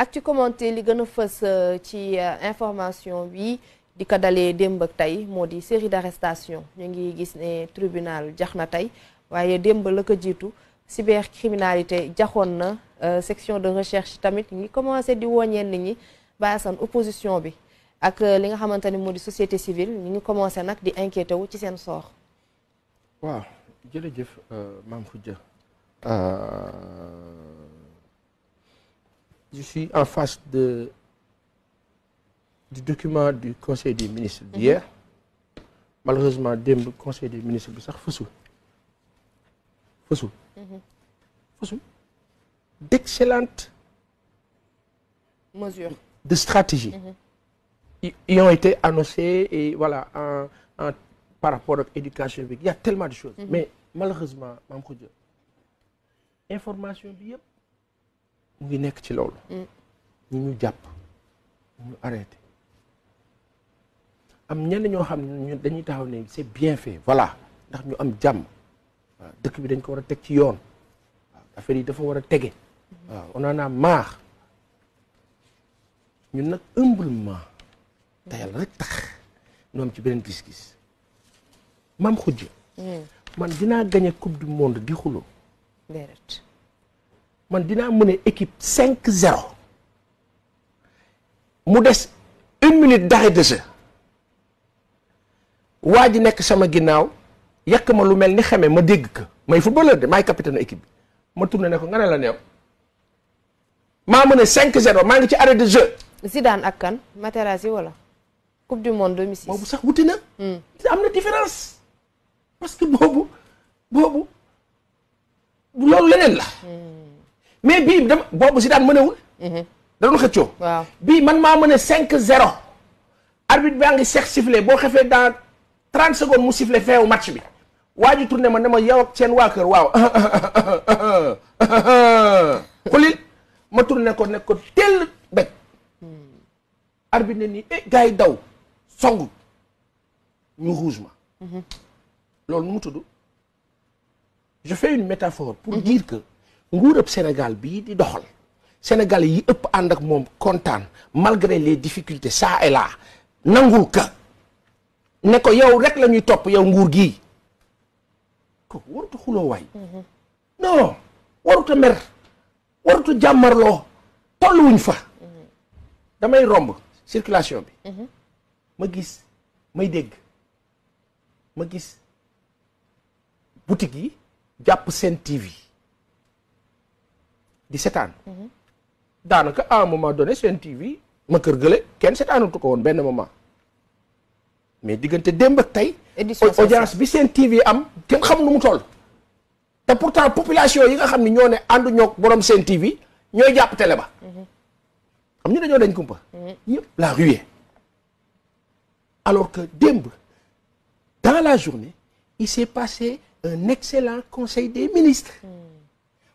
actu commenté li gën a euh, ci euh, information oui, di ko dalee démb ak série d'arrestation ñu ngi gis tribunal j'achnatai, voyez tey waaye du tout ko cybercriminalité j'achonne euh, section de recherche tamit ngi commencé di woññeen nit ñi baasan opposition bi ak li nga xamante ni société civile ñu ngi commencé nag di inquiété wu ci s'en sort. waaw jërëjëf maam Khoudia je suis en face du document du conseil des ministres mhm. d'hier. malheureusement le conseil des ministres bi sax fësul -hmm. d'excellentes mesures de stratégie ils mhm. ont été annoncés et voilà par rapport à l'éducation. il y a tellement de choses mhm. mais malheureusement Mme information bi mu ngi nekk ci loolu mm. ñi ñu jàpp ñu arrêté am ñenn ñoo xam ne dañuy taxaw ne c'est bien fait voilà ndax ñu am jàmm dëkk bi dañ ko war a teg ci yoon waaw affaire yi dafa war a tege waaw naa en a marre nag humblement te yàlla tax ñu am ci beneen gis-gis maam xujj mm. man dinaa gañe coupe du monde di xuloo man dina mën équipe 5-0 mu dess une minute d'arrêt de jeu wadi nek sama ginnaw yàq ma lu melni xamé ma dégg ko may footballeur de capitaine équipe ma tourné ne ko nga la néw ma mën 5-0 maa ngi ci arrêt de jeu. Zidane ak kan Materazzi wala. coupe du monde 2006 bobu sax wuti na. Hmm. am na différence. parce que bobu boobu lolou leneen la. Hmm mais bii dama boobu Zidane mënewul. Mhm. da doon xëccoo. waaw man ma mené 5-0. arbitre baa nga seq sifflé bo xefee dans 30 secondes mu sifflé feewu match bi. waa ji tourné ma ne ma yow ak sen wa keur waaw xulil ma tourné ko ne ko teel bëgg. Hmm. arbitre ni e eh daw songu ñu rouge ma. Mhm. loolu mu tudd je fais une métaphore pour mhm. dire que. nguurab Sénégal bii di doxal Sénégal yi ëpp ànd ak moom kontaan malgré les difficultés ça et là nangul ka ne ko yow rekk lañuy topp yow nguur gii ko waruta xuloo waay mm-hmm. non waruta mer waruta jàmmarloo tolluwuñ fa mm-hmm. damay romb circulation bi mm-hmm. ma gis may dégg ma gis boutique yi jàpp seen TV di setaan daanaka à un moment donné seen TV ma kër gële kenn seetaanatu ko woon benn moment mais diggante démb ak tey audience bi seen TV am kenn xam nu mu toll te pourtant population yi nga xam ne ñoo ne àndu ñoo borom seen TV ñooy jàpp télé ba xam ñu dañoo dañ kumpa yëpp la ruée alors que démb dans la journée il s'est passé un excellent conseil des ministres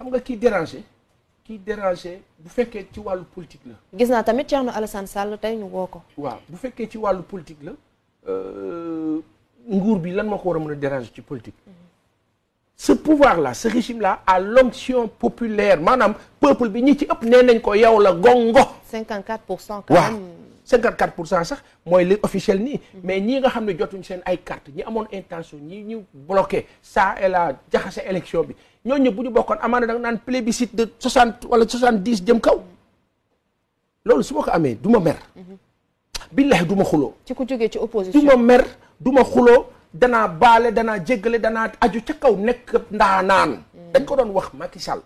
xam nga kii déranger kii déranger bu fekkee ci wàllu politique la. gis naa tamit Thierno Alassane Sall tey ñu woo ko. waaw bu fekkee ci wàllu politique la euh, nguur bi lan moo ko war a mën a déranger ci politique. Mhm. ce pouvoir là ce régime là à l'onction populaire maanaam peuple bi ñi ci ëpp nee nañ ko yow la gongo. 54 quand même. 54 pour cent sax mooy li officiel nii mais ñii nga xam ne jotuñ seen ay carte ñi amoon intention ñi ñu bloqué ça et la jaxase élection bi ñooñu bu ñu bokkoon amaana da naan plébiscite de 60 wala 70 jëm kaw loolu su ma ko amee du ma mer billahi duma xuloo ci ku jógee ci opposition du ma mer du ma xuloo danaa baale danaa jéggale danaa aju ca kaw nekk ndaanaan dañ ko doon wax Macky Sall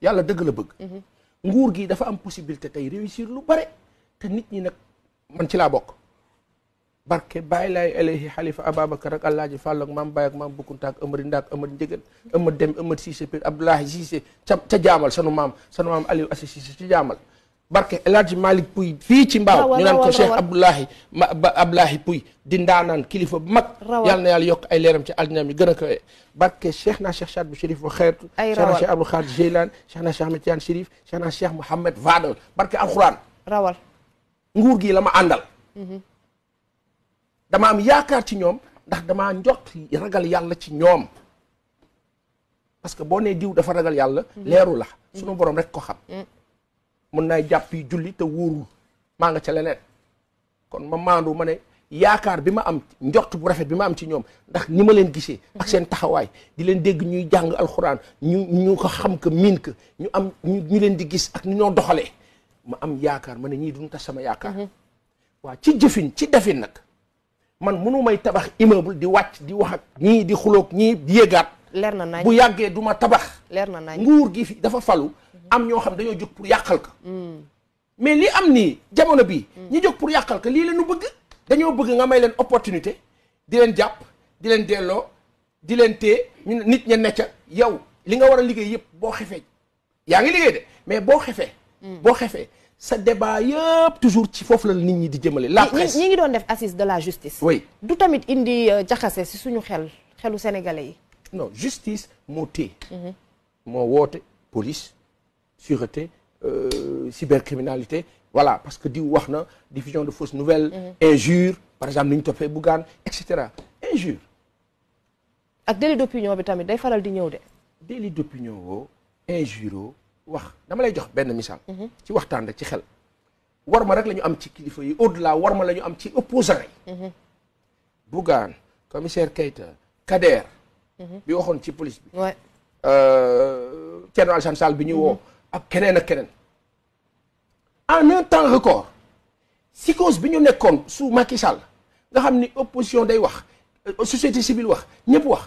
yàlla dëgg la bëgg mhm. nguur gi dafa am possibilité tey réussir lu bare te nit ñi nag man ci laa bokk barke bàyyi laay alayhi xalifa ababacar ak àllaaji fàll ak maam baay ak maam bukkunta ak amari ndaak amari njëgën amad dem amad siise pir abdoulahi siise ca ca jaamal sanu maam sanu maam aliou asi siise ci jaamal barke El Hadj Malick Pouy fii ci mbaaw ñu naan ko Cheikh Abdoulahi Abdoulahi Pouy di ndaanaan kilifa bu mag yàlla na yàlla yokk ay leeram ci àddina mi gën a kawe barke Cheikh naa Cheikh Saad bu Chérif ba xeertu Cheikh naa Cheikh Abdou Khadir Jeylaan Cheikh naa Cheikh Ahmed Tidiane Chérif Cheikh naa Cheikh Mouhamed Vadal barke alxuraan rawal nguur gi la ma àndal mhm. dama am yaakaar ci ñoom ndax damaa njot ragal yàlla ci ñoom parce que boo nee diw dafa ragal mhm. leeru la mhm. sunu borom rek ko xam mun naay jàpp yi julli te nga leneen kon ma maandu yakar ne yaakaar am njort bu rafet bi ma am ci ñoom ndax ni ma leen gisee ak seen taxawaay di leen dégg ñuy jàng alxuraan ñu ñu ko xam que miin ñu am ñu leen di gis ak ni ñoo ma am yaakaar ma ne duñ tas sama yaakaar. Mhm. waa ci jëfin ci man munu may tabax immeuble di wàcc di wax ak ñii di xuloog ñii di yëgaat. leer na nañ bu yàggee du ma tabax. leer na nañ nguur gi fi dafa falu. Mhm. am ñoo xam dañoo jóg pour yàqal ko. Mm. mais li am ni jamono bii. Mm. ñi jóg pour yàqal ko lii la ñu bëgg. dañoo bëgg nga may leen opportunité di leen jàpp di leen delloo di leen téye nit ña necca yow li nga war liggéey yëpp boo xefee yaa liggéey de mais sa débat est toujours ci fofu la nit ñi di jëmale. la presse ñi ngi doon def de la justice. oui du tamit indi euh, jaxase ci suñu xel xelu sénégalais yi. non justice moté. la police, la police sûreté euh, cybercriminalité voilà parce que di wax na diffusion de fausses nouvelles. Mhm. injures, par exemple niñ ñu etc. Bougane et injure. ak délit d'opinion bi tamit day faral di ñëw délit d'opinion wo injure wax dama lay jox benn misaal. Mhm. ci waxtaan rek ci xel. war ma rek lañu am ci kilifa yi au delà war ma lañu am ci opposants yi. Mhm. Bougane commissaire Keita Kader. Mhm. bi waxoon ci police bi. waay euh, Thierno Alassane Sall bi ñu woo. ak keneen ak keneen. en un temps record. psychose bi ñu nekkoon sous Macky Sall nga xam ni opposition day wax euh, société civile wax ñëpp wax.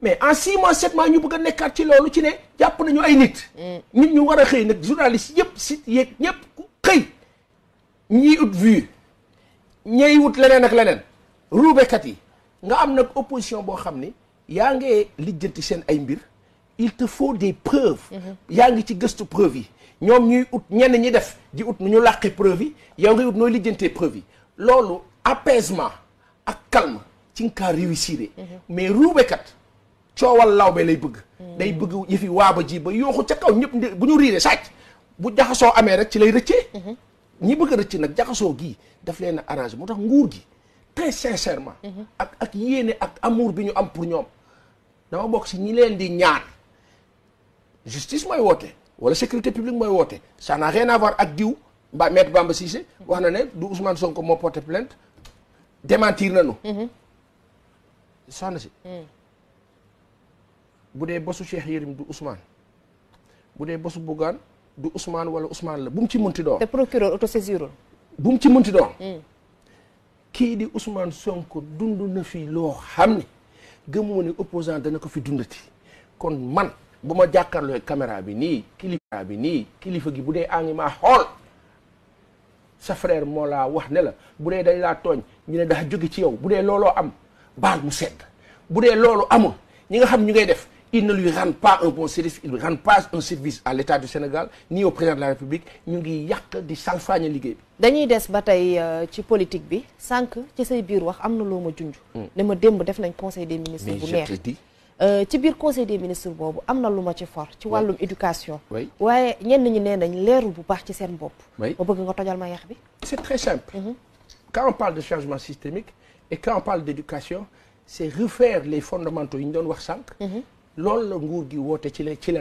mais en 6 mois 7 mois ñu bëgg a des ci ci ne nañu ay nit. Mm. nit ñu wara a nak journaliste site yeeg ñëpp ku xëy. ut vue ñey wut leneen ak leneen. yi nga am nag opposition boo xam ni yaa lijjanti seen ay il te faut des preuves. Mm-hmm. yaa ngi ci gëstu preuve yi ñoom ñuy ut ñenn ñi def di ut ñu làqi preuve yi yow ngay ut nooy preuve yi apaisement ak calme ci mm-hmm. mais ruubekat. coowal lawbe lay bëgg day bëgg yëfi ba ji ba yooxu ca kaw ñëpp bu ñu riiree sàcc bu jaxasoo amee rek ci lay rëccee mhm. ñi bëgg a rëcc nag jaxasoo gii daf leen a arrangé tax nguur gi très sincèrement mhm. ak ak yéene ak amour bi ñu am pour ñoom dama bokk si ñi leen di ñaan justice mooy woote wala sécurité publique mooy woote ça n'a ak diw mbaa maître Bamba Cissé wax na ne du Ousmane Sonko moo porté plainte démentir nañu mhm. soxna si mm. bu dee bosu Cheikh Yérim du Ousmane bu dee bosu Bougane du Ousmane wala Ousmane la bu mu ci mënti doon. te procureur autosaisirul. bu ci mënti doon. Hmm. kii di Ousmane Sonko dund na fi loo xam ne gëmoo ne opposant dana ko fi dundati kon man bu ma jàkkaarloo caméra bi nii kilifa bi nii kilifa gi bu dee àngi xool sa frère moo laa wax ne la bu dee dañ laa tooñ ñu ne daa jóge ci yow bu dee looloo am baal mu sedd bu dee loolu amul ñi nga xam ñu ngay def ils ne lui rendent pas un bon service ils ne rendent pas un service à l'État du Sénégal ni au président de la République ñu ngi yàq di salfaañe liggéey bi. dañuy des ba tey euh, ci politique bi sànq ci say biir wax am na de ma junj. Hmm. ne ma def nañ conseil des ministres. bu neex euh, ci biir conseil des ministres boobu am na lu ma ci for. ci wàllum éducation. waaye ñenn ñi nee nañ leerul bu baax ci seen bopp. ma bëgg nga tojal ma yàq bi. c'est très simple. Mhm. quand on parle de changement systémique et quand on parle d'éducation c'est refaire les fondamentaux yi ñu doon wax sànq. Mhm loolu la nguur gi ci la ci la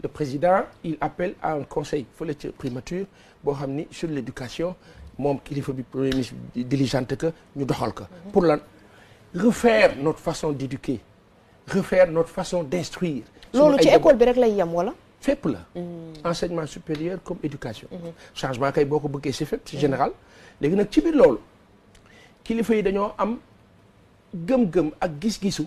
le président il appelle à un conseil fële ca primature bon xam sur l'éducation, éducation moom kilifa bi premier ministre diligente que ñu doxal ko. Mhm. pour la refaire notre façon d'éduquer, refaire notre façon d'instruire. instruire. loolu ci école bi rek lay yem wala. fépp la. Mhm. enseignement supérieur comme éducation. Mhm. changement kay boo ko bëggee si fépp si général. léegi nag ci biir faut kilifa yi dañoo am gëm-gëm ak gis gisou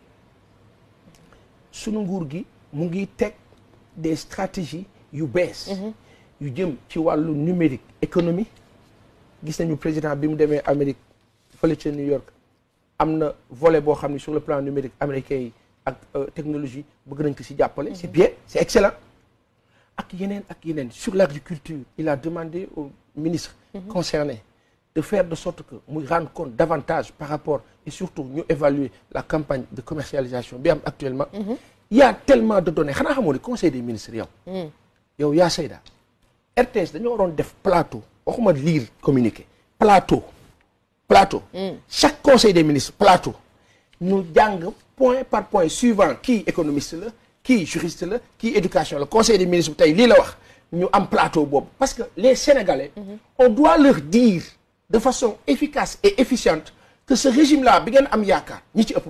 sunu nguur gi des stratégies yu bees mhm. yu jëm ci numérique économie gis président New York am na sur le plan numérique américain euh, technologie mhm. c'est bien c'est excellent ak sur l'agriculture il a demandé au ministre mhm. concerné de faire de sorte que nous rendons compte davantage par rapport et surtout nous évaluer la campagne de commercialisation Bien actuellement mhm. il y a tellement de données On a le conseil des ministres y mm. y a sayda RTS nous avons def plateau Comment lire communiqué plateau plateau mm. chaque conseil des ministres plateau Nous point par point suivant qui économiste qui qui juriste qui qui éducation Le conseil des ministres nous lii la plateau parce que les Sénégalais mm-hmm. on doit leur dire de façon efficace et efficiente que ce régime là bi ngeen am yaakaar ni ci ëpp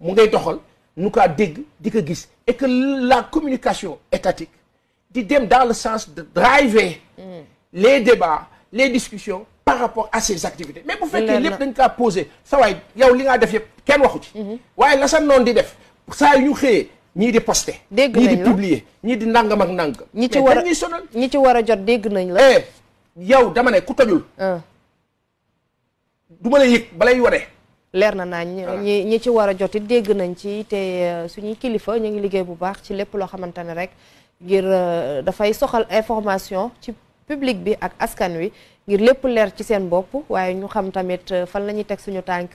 mu ngay doxal nu di ko gis et que la communication étatique di dem dans le sens de driver les débats les discussions par rapport à ces activités mais bu fekkee lépp dañ kaa posé sa waay yow li nga def yëpp kenn waxu ci mhm. waaye la sa noonu di def saa ñu xëyee ñii di posté ñii di publier ñii di nangam ak nangam ñi ci war a ñi ci war a jot dégg nañ la eh, yow dama ne ku tojul ah. du la yëg balay wane. leer na naa ñi ci war a jot dégg nañ ci te euh, suñuy kilifa ñu ngi liggéey bu baax ci lépp loo xamante ne rek ngir euh, dafay soxal information ci public bi ak askan wi ngir lépp leer ci seen bopp waaye ñu xam tamit euh, fan la ñuy teg suñu tànk.